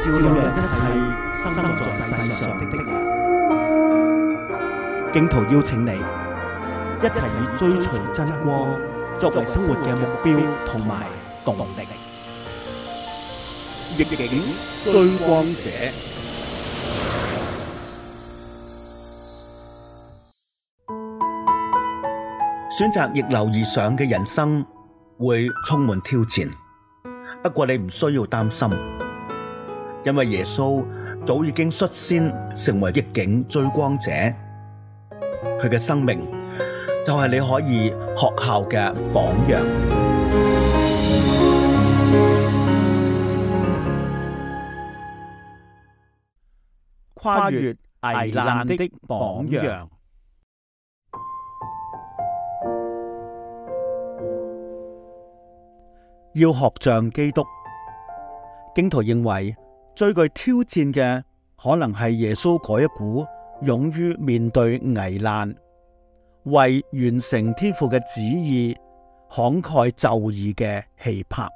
照亮一切生在世上的人。荊徒邀請你，一齊以追隨真光作為生活嘅目標同埋動力。逆境追光者，選擇逆流而上嘅人生會充滿挑戰，不過你唔需要擔心。因為耶穌早已經率先成為逆境追光者，佢嘅生命就係你可以學效嘅榜樣，跨越危難的榜樣，要學像基督。荊徒認為。最具挑戰嘅可能係耶穌嗰一股勇於面對危難，為完成天父嘅旨意慷慨就義嘅氣魄。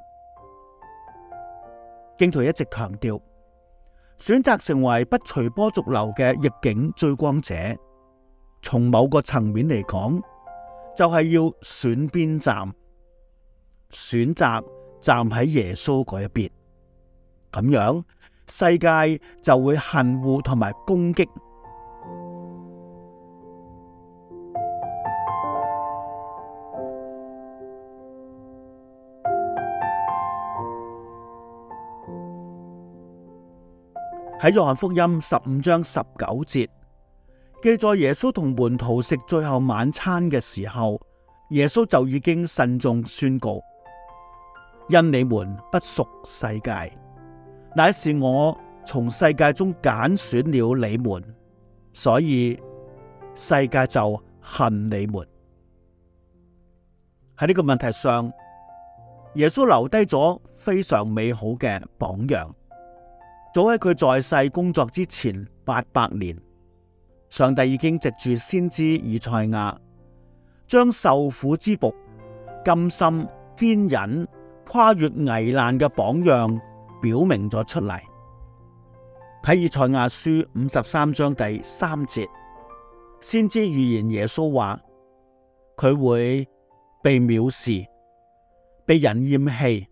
荊徒一直強調，選擇成為不隨波逐流嘅逆境追光者，從某個層面嚟講，就係、是、要選邊站，選擇站喺耶穌嗰一邊，咁樣。世界就會恨惡同埋攻擊。喺約翰福音十五章十九節記載，耶穌同門徒食最後晚餐嘅時候，耶穌就已經慎重宣告：因你們不屬世界。乃是我從世界中揀選了你們，所以世界就恨你們。喺呢個問題上，耶穌留低咗非常美好嘅榜樣。早喺佢在世工作之前八百年，上帝已經藉住先知以賽亞，將受苦之僕甘心堅忍跨越危難嘅榜樣。表明咗出嚟。喺以賽亞書五十三章第三節，先知預言耶穌話佢會被藐視，被人厭棄，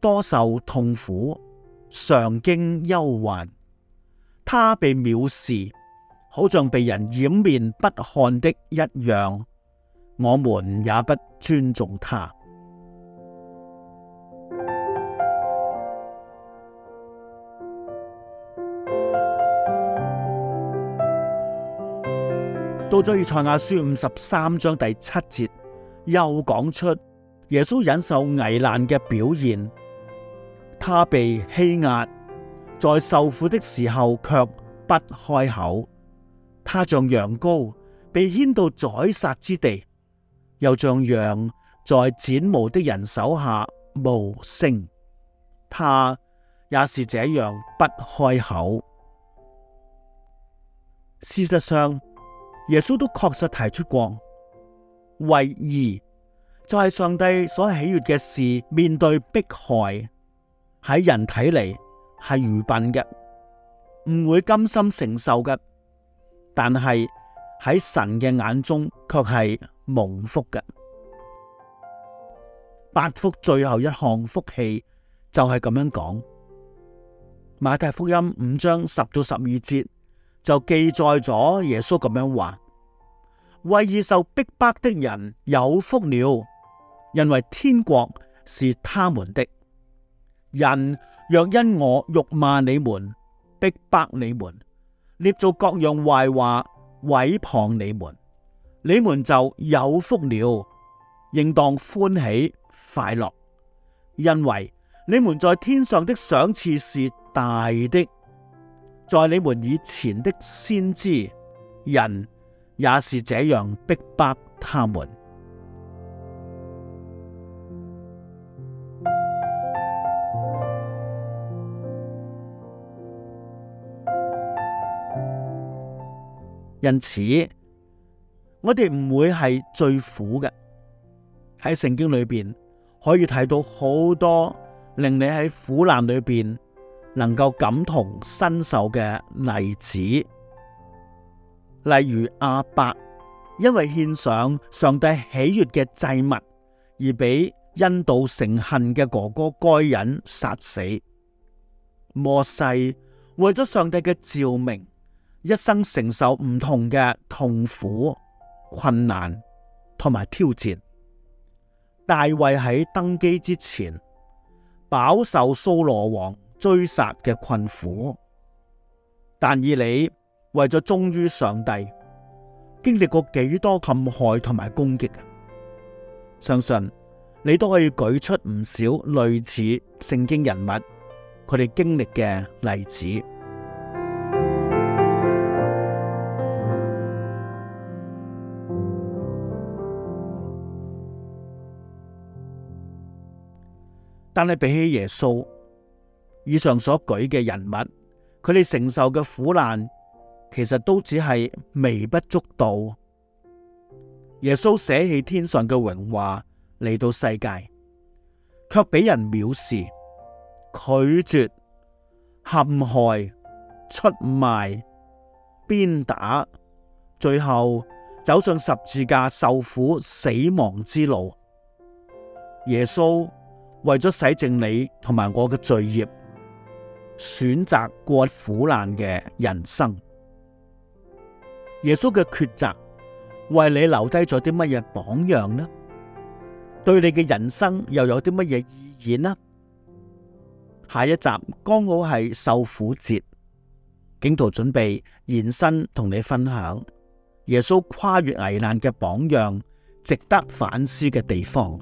多受痛苦，常經憂患。他被藐視，好像被人掩面不看的一樣，我們也不尊重他。到咗以賽亞書五十三章第七節，又講出耶穌忍受危難嘅表現。他被欺壓，在受苦的時候卻不開口。他像羊羔，被牽到宰殺之地；又像羊在剪毛的人手下無聲。他也是這樣不開口。事實上，耶穌都確實提出過，為義就係上帝所喜悦嘅事。面對迫害，喺人睇嚟係愚笨嘅，唔會甘心承受嘅。但係喺神嘅眼中卻係蒙福嘅。八福最後一項福氣就係咁樣講，馬太福音五章十到十二節。就記載咗耶穌咁樣話：為義受逼迫的人有福了，因為天國是他們的。人若因我辱罵你們、逼迫你們、捏造各樣壞話毀謗你們，你們就有福了，應當歡喜快樂，因為你們在天上的賞賜是大的。在你們以前的先知人也是這樣逼迫，迫他們，因此我哋唔會係最苦嘅。喺聖經裏邊可以睇到好多令你喺苦難裏邊，能夠感同身受嘅例子，例如亞伯因為獻上上帝喜悅嘅祭物，而俾因妒成恨嘅哥哥該隱殺死。摩西為咗上帝嘅召命，一生承受唔同嘅痛苦、困難同埋挑戰。大衛喺登基之前飽受掃羅王追殺嘅困苦，但以你為咗忠於上帝，經歷過幾多陷害同埋攻擊，相信你都可以舉出唔少類似聖經人物，佢哋經歷嘅例子。但係比起耶穌。以上所舉嘅人物，佢哋承受嘅苦難，其實都只係微不足道。耶穌捨棄天上嘅榮華嚟到世界，卻俾人藐視、拒絕、陷害、出賣、鞭打，最後走上十字架受苦死亡之路。耶穌為咗洗淨你同埋我嘅罪孽。選擇過苦難嘅人生，耶穌嘅抉擇為你留低咗啲乜嘢榜樣呢？對你嘅人生又有啲乜嘢意義呢？下一集剛好係受苦節，荊徒準備現身同你分享耶穌跨越危難嘅榜樣，值得反思嘅地方。